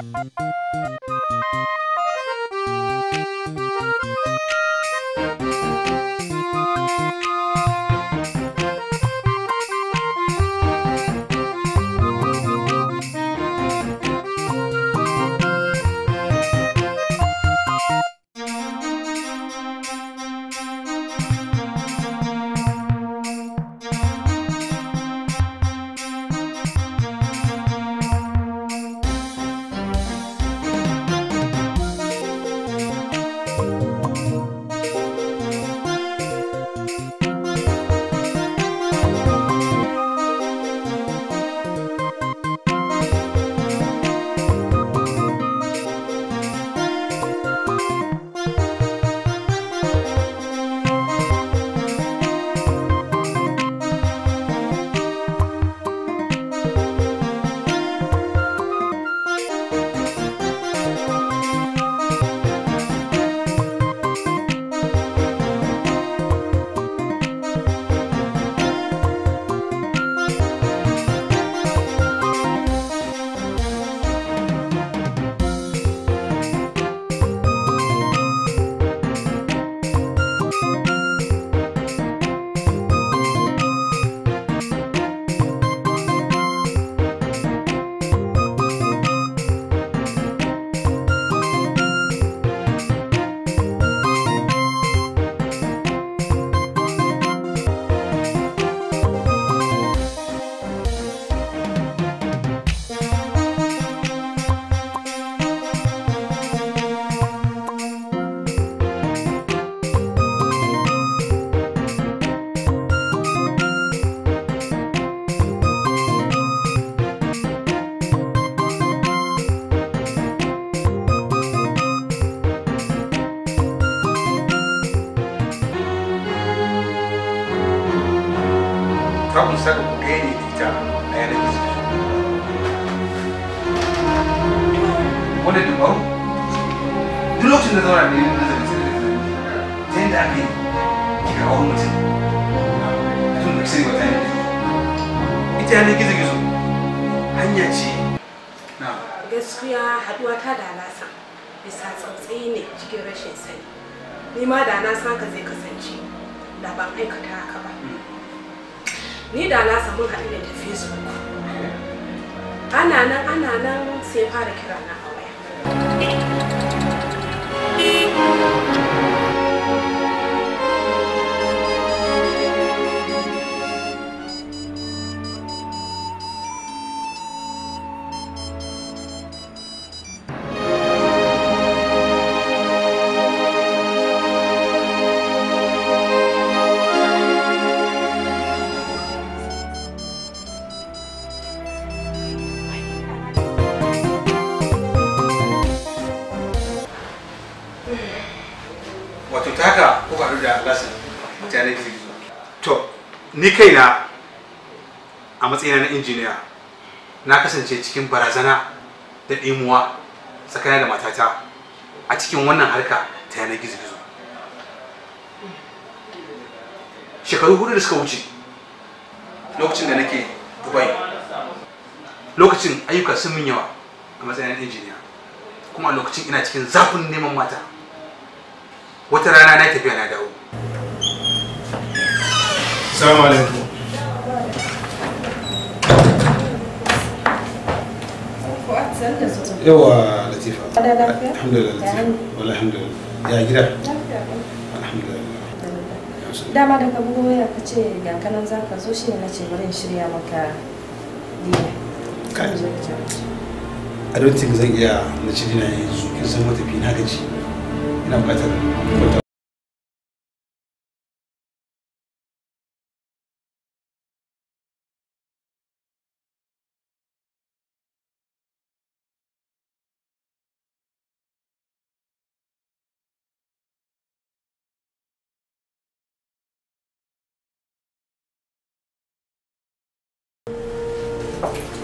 Thank you. mutane gizo gizo hanya ce gaskiya haduwa ta da nasa bisa tsautsayi ne cikin rashin sani ni ma da na san ka zai kasance da ban aikata haka ba hmm. ni da na mun haɗu da facebook ana nan ana nan sai fara kira na a waya ni kaina a matsayina na injiniya na kasance cikin barazana da ɗimuwa tsakanin da matata a cikin wannan harka ta yanar gizo-gizo shekaru hudu da suka wuce lokacin da nake dubai lokacin ayyuka sun min yawa a matsayin injiniya kuma lokacin ina cikin zafin neman mata wata rana na tafiya na dawo Assalamu alaikum. Yawa Latifa. Alhamdulillah Latifa. Wala alhamdulillah. Ya gida? Alhamdulillah. Dama da ka bugo ya ka ce ga za ka zo shi ne na ce bari in shirya maka diya. Kai. I don't think zan iya na ci dina yanzu kin san matafi na gaji. Ina bukatar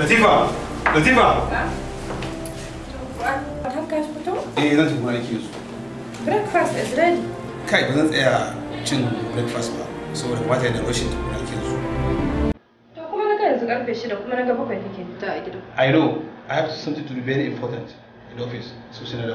Latifa, Latifa. Har ka fito? Eh, zan tafi aiki yanzu. Breakfast is ready. Kai, ba zan tsaya cin breakfast ba, saboda kamata yana rashin kuma na yanzu kuma na bakwai a gida. I know, I have to be very important in office, na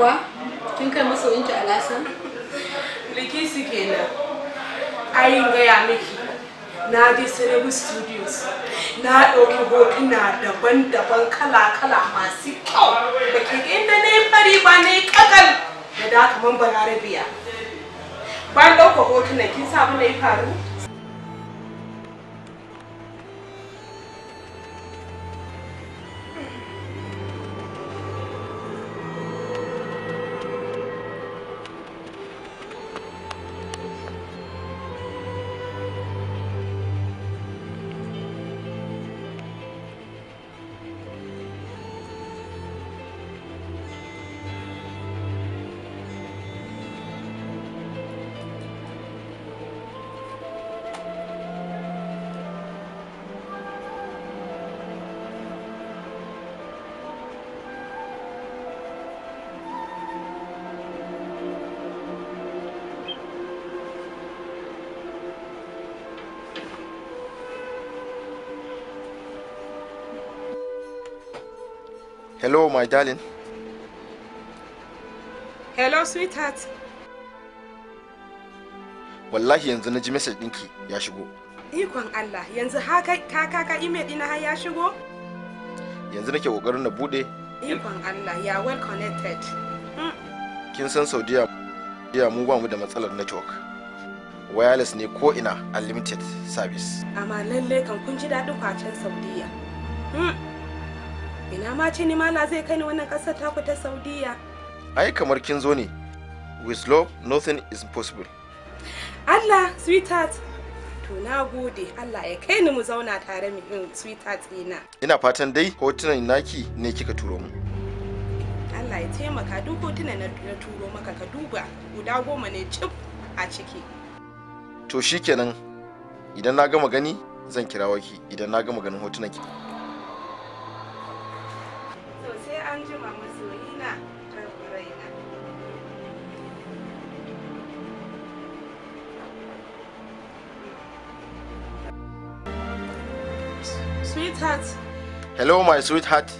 kuwa kin kai masoyinki alasan likisi kenan ayin gaya miki na je cerebral studios na ɗauki hotuna daban-daban kala-kala masu kyau da ke inda na yi fari ba na yi kakal da da kamar balarabiya ban ɗauka hotuna kin sabu na yi faru Hello, my darling. Hello, sweetheart. Wallahi yanzu na ji message ɗinki ya shigo. Ikon Allah, yanzu haka kaka ka email ɗina har ya shigo? Yanzu nake ƙoƙarin na buɗe. Ikon Allah, ya well connected. Hmm. Kin san Saudiya mu ba mu da matsalar network. Wireless ne ko ina unlimited service. Amma lalle kan kun ji daɗin kwacen Saudiya. Hmm. ina ma ce ni mala zai kai ni wannan kasar taku ta saudiya ai kamar kin zo ne with love nothing is possible allah sweetheart to na gode allah ya kai ni mu zauna tare mu in mm, sweetheart ina ina fatan dai hotunan naki ne kika turo mu allah ya taimaka duk hotunan na turo maka ka duba guda goma ne cif a ciki to shikenan idan na gama gani zan kira waki idan na gama ganin hotunan ki sweetheart. Hello my sweetheart.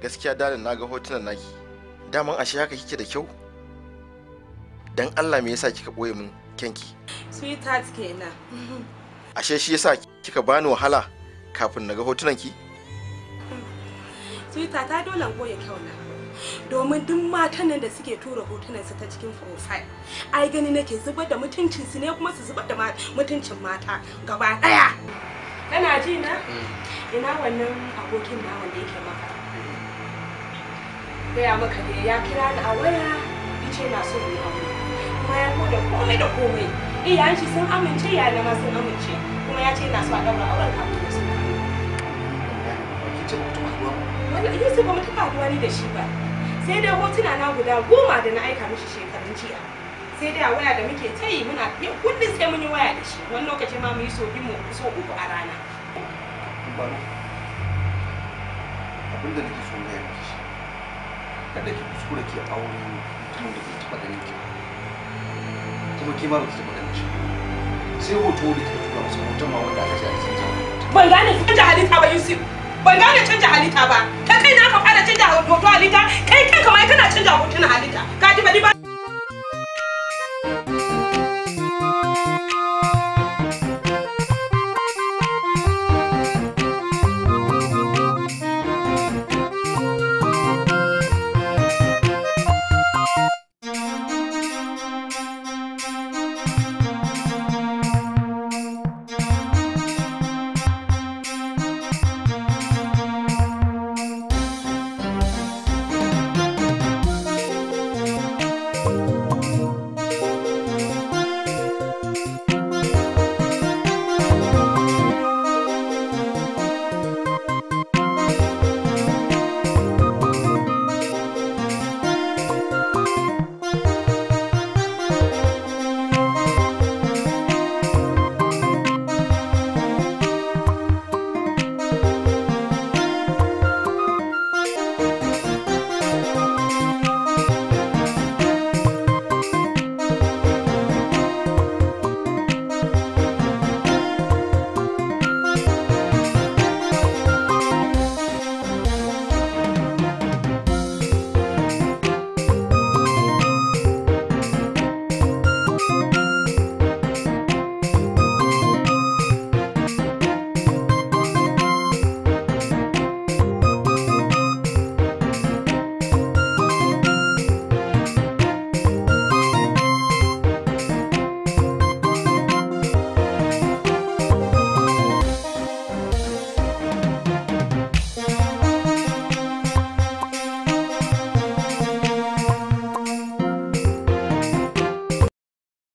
Gaskiya dalin na ga hotunan naki. Daman ashe haka kike da kyau? Dan Allah me yasa kika ɓoye min kyanki? Sweetheart kenan. ashe shi yasa kika bani wahala kafin na ga hotunan ki? Sweetheart ta dole boye kyauna. domin duk matan nan da suke tura hotunan su ta cikin profile ai gani nake zubar da mutuncin su ne kuma su zubar da mutuncin mata gaba daya kana ji na mm. ina wannan abokin na wanda yake maka mm. gaya maka ne ya kira ni a waya ice na so ne abu kuma ya da komai da komai iyayen shi sun amince iyayen ma sun amince kuma ya ce na so a daura auren abu da su wanda iya su ba mu taɓa ni da shi ba sai dai hotuna na guda goma da na aika mishi shekarun jiya sai da waya da muke ta yi muna yau kullum sai mun yi waya da shi wani lokaci ma mu yi so mu so uku a rana abin da nake so gaya miki shi kada ki kuskure ki aure mutumin da ke taɓa ganin ki kuma ki ma ba ki taɓa ganin shi sai hoto da kika tura masa hoton ma wanda aka ce a cikin ban gane canja halitta ba yusuf ban gane canja halitta ba kai kai na ka fara canja hoto halitta kai kai kamar kana canja hoton halitta ka ji ba